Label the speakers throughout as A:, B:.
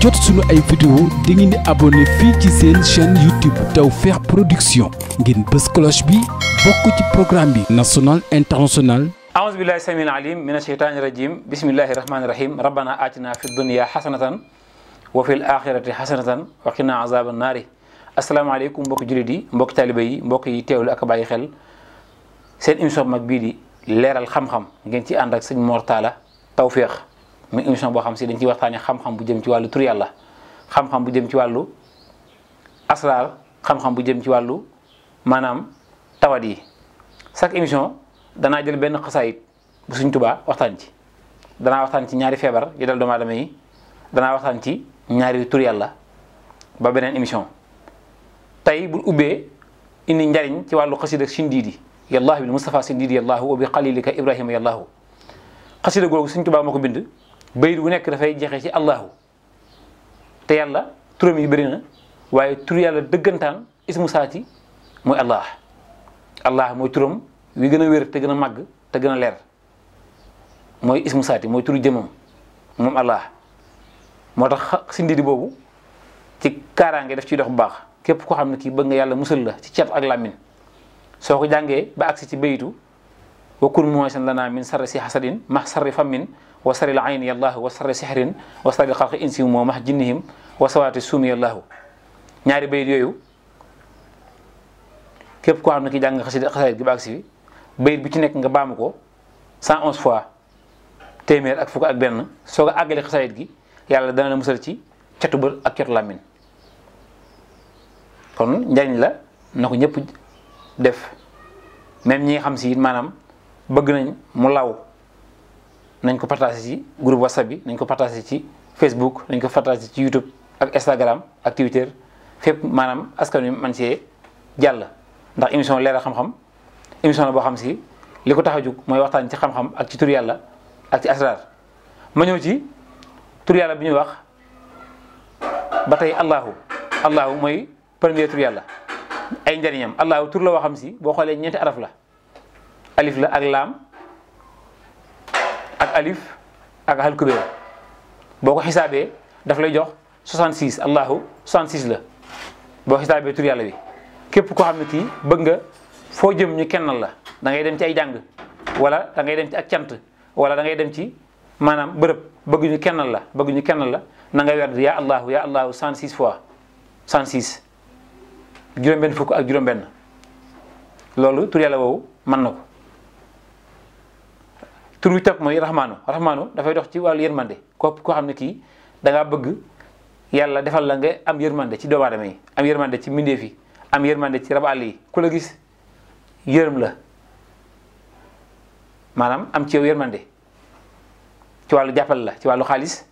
A: jot suñu ay vidéo da ngeen di abonné fii ci seen chaîne YouTube Tawfekh Production ngeen bës cloche bi bokk ci programme bi national international aouzu billahi samil alim min asheytaani rajim bismillahi rahmaani rahim rabbana atina fi dunya xasanatan wa fil axirati xasanatan wa qina azaban naari asalaamaaleykum mbokki jullit yi mbokki taaliba yi mbokk yi teewlu ak bàyyi xel seen émission mag bii di leeral xam-xam ngeen ci ànd ak sëñ Mor Talla Tawfekh muy émission boo xam si dañ ciy waxtaanee xam-xam bu jëm ci wàllu tur yàlla xam-xam bu jëm ci wàllu asraar xam-xam bu jëm ci wàllu maanaam tawat yi chaque émission danaa jël benn xasaayit bu suñ tubaa waxtaan ci danaa waxtaan ci ñaari feebar yi dal doomu aadama yi danaa waxtaan ci ñaari tur yàlla ba beneen imission tey bu ubbee indi njariñ ci wàllu xasida sindiidi yallaahu bil Mustafa sindiidi yallaahu wa bi xalilika Ibrahima yallaahu xasida googu suñ tubaa moo ko bind bayit wu nekk dafay jeexee ci allahu te yàlla turam yi bëri na waaye tur yàlla dëggantaan ismu saati mooy allah allah mooy turam wi gën a wér te gën a màgg te gën a leer mooy ismu saati mooy tur jëmam moom allah moo tax si boobu ci kaaraange daf ciy dox bu baax képp koo xam ne kii bëgg nga yàlla musal la ci cat ak làmmin soo ko jàngee ba agsi ci bayitu wa kun muwasan lana min sarri si hasadin max sarri fammin wa sarri l ayni yallaahu wa sarri sihrin wa sarri xalqi insi moo max jinnihim wa sawaati suumi yallaahu ñaari bayit yooyu képp koo xam ne ki jàng xasida xasaayit gi ba agsi fi bayit bu ci nekk nga baamu ko 111 fois téeméer ak fukk ak benn soo ko àggale xasaayit gi yàlla dana la musal ci catu bër ak catu làmmiñ kon njariñ la na ko def même ñi nga xam si it maanam bëgg nañ mu law nañ ko partagé ci groupe whatsapp bi nañ ko partagé ci facebook nañ ko partagé ci youtube ak instagram ak twitter fépp maanaam askan wi man see jàll ndax émission leeral xam-xam émission la boo xam si li ko tax a jóg mooy waxtaan ci xam-xam ak ci tur yàlla ak ci asrar ma ñëw ci tur yàlla bi ñuy wax ba tey allahu allahu mooy premier tur yàlla ay njëriñam allahu tur la boo xam si boo xoolee ñeenti araf la alif la ak laam ak alif ak hal boo ko xisaabee daf lay jox 66 allahu 66 la boo xisaabee tur yàlla bi képp koo xam ne kii bëgg nga foo jëm ñu kennal la dangay ngay dem ci ay jàng wala da dem ci ak cant wala da ngay dem ci maanaam bërëb bëgg ñu kennal la bëgg ñu kennal la na ngay werd yaa allahu yaa allahu 106 fois 106 juróom-benn fukk ak juróom-benn loolu tur yàlla woowu mën na ko tur wi topp mooy raxmaanu raxmaanu dafay dox ci wàllu yërmande ko koo xam ne kii da bëgg yàlla defal la nga am yërmande ci doomu aadama yi am yërmande ci mbindeef am yërmande ci rab àll yi ku la gis yërëm la maanaam am ci yow yërmande ci wàllu jàppal la ci wàllu xaalis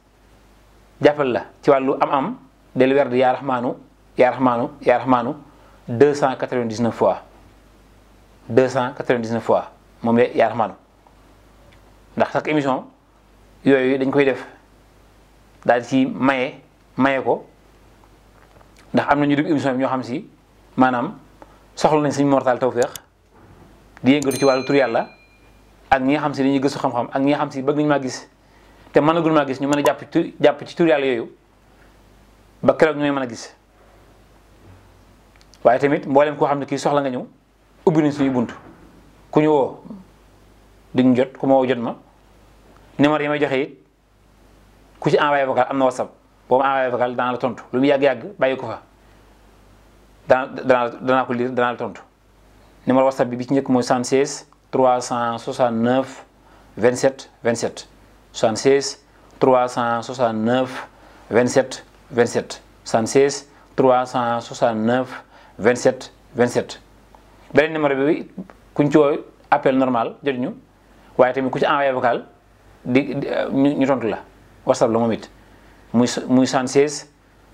A: jàppal la ci wàllu am-am del werd yaa raxmaanu yaa raxmaanu yaa raxmaanu deux cent quatre dix neuf fois deux cent quatre dix neuf fois moom yaa raxmaanu ndax chaque émission yooyu dañ koy def daal ci maye maye ko ndax am na ñu dugg émission bi ñoo xam si maanaam soxla nañ Serigne Mor Talla Tawfekh di yëngatu ci wàllu tur yàlla ak ñi nga xam si dañuy gëstu xam-xam ak ñi xam si bëgg nañ maa gis te mënagul ma gis ñu mën a jàpp ci jàpp ci tur yàlla yooyu ba keroog ñu may mën a gis waaye tamit mboolem koo xam ne kii soxla nga ñëw ubbi nañ suñu bunt ku ñëwoo woo jot ku ma woo jot ma. numéro yi ma joxe it ku ci envoyé vocal am na whatsapp boo ma envoyé vocal danaa la tontu lu mu yàgg-yàgg bàyyi ko fa dana danaa danaa ko lire danaa la tontu numéro whatsapp bi bi ci njëkk mooy 76 369 27 27 76 369 27 27 76 369 27 27 beneen numéro bi kuñ ci appel normal jotuñu waaye tamit ku ci envoyé vocal di euh, ñu tontu la whatsapp la moom it muy muy 76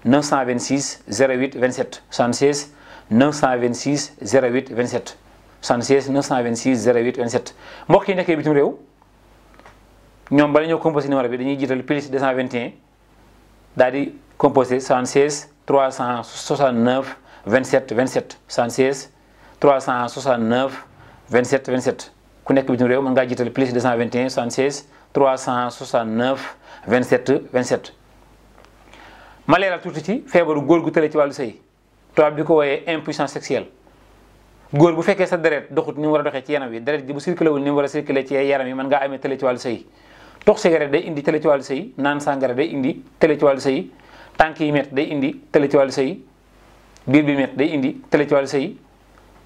A: 926 08 27 76 926 08 27 76 926 08 27 mbokk yi nekkee bitim réew ñoom bala ñoo composé numéro bi dañuy jiital plus 221 daal di composé 76 369 27 27 76 369 27 27 ku nekk bitim réew mën ngaa jiital plus 221 76 369 27 27. ma leeral tuuti ci feebaru góor gu tële ci wàllu sëy tubaab bi ko wooyee impuissance sexuelle góor bu fekkee sa deret doxut ni mu war ci yaram wi deret ji bu a circulé ci yaram yi mën ngaa amee tële ci wàllu sëy tox cigarette day indi tële ci wàllu sëy naan sàngara day indi tële ci wàllu sëy tànk yi métti day indi tële ci wàllu sëy biir bi métti day indi tële ci wàllu sëy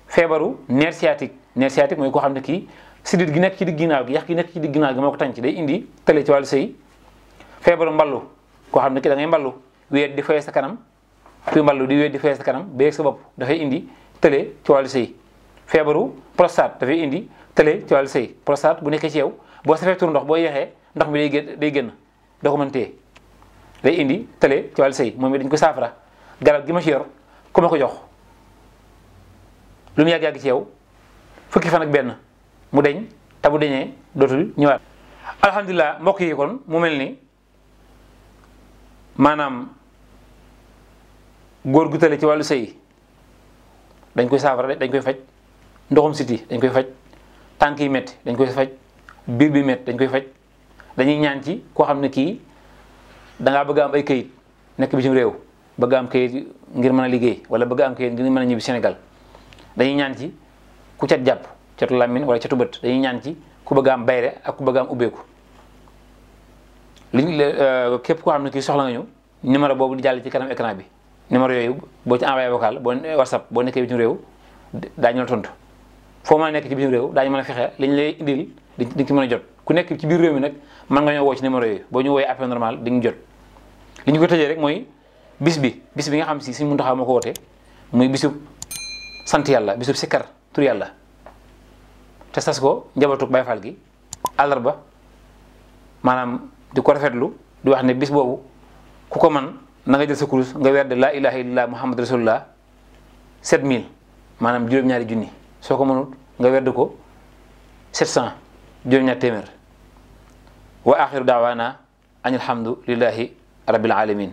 A: feebaru nerf sciatique nerf sciatique mooy koo xam ne kii sidit gi nekk ci digg ginnaaw gi yax gi nekk ci digg ginnaaw gi moo ko tànc day indi tële ci wàllu sëy feebaru mballu koo xam ne kii da ngay mballu wéet di fay sa kanam kuy mballu di wéet di fay sa kanam beeg sa bopp dafay indi tële ci wàllu sëy feebaru prostate dafay indi tële ci wàllu sëy prostate bu nekkee ci yow boo safee tur ndox boo yeexee ndox mi day génn day génn doo ko mën téye day indi tële ci wàllu sëy moom it dañ ko saafara garab gi ma ci yor ku ma lu mu yàgg-yàgg ci yow fukki fan ak benn mu deñ te bu deñee dootul ñëwaat. alhamdulilah mbokk yi kon mu mel ni maanaam góor gu tële ci wàllu sëy dañ koy saafara dañ koy faj ndoxum siti dañ koy faj tànk yi dañ koy faj biir bi métti dañ koy faj dañuy ñaan ci koo xam ne kii dangaa bëgg am ay këyit nekk bi bitim réew bëgg am këyit ngir mën a liggéey wala bëgg am këyit ngir mën a ñibbi Sénégal dañuy ñaan ci ku cat jàpp catu làmmiñ wala catu bët dañuy ñaan ci ku bëgg am bayre ak ku bëgg am ubbeeku liñ euh, képp koo am ne ki soxla nga ñu numéro boobu di jàll ci kanam écran bi numéro yooyu boo ci envoyé vocal boo whatsapp boo nekkee bitim réew daañu la tontu foo mën a nekk ci bitim réew daañu mën a fexe liñ lay indil di nga ci mën a jot ku nekk ci biir réew mi nag mën nga ñoo woo ci numéro yooyu boo ñu wooyee appel normal di nga jot li ñu ko tëjee rek mooy bis bi bis bi nga xam si Sëriñ Muntaxa moo ko woote muy bisub sant yàlla bisub sikkar tur yàlla te sas ko njabootug Baay Faal gi àllarba maanaam di ko rafetlu di wax ne bis boobu ku ko man na nga jël sa kurus nga werd laa ilaha illallah muhammad set 7000 maanaam juróom-ñaari junni soo ko mënut nga werd ko 700 juróom-ñaari téeméer wa axiru daawaana an alhamdulillahi rabbil alamin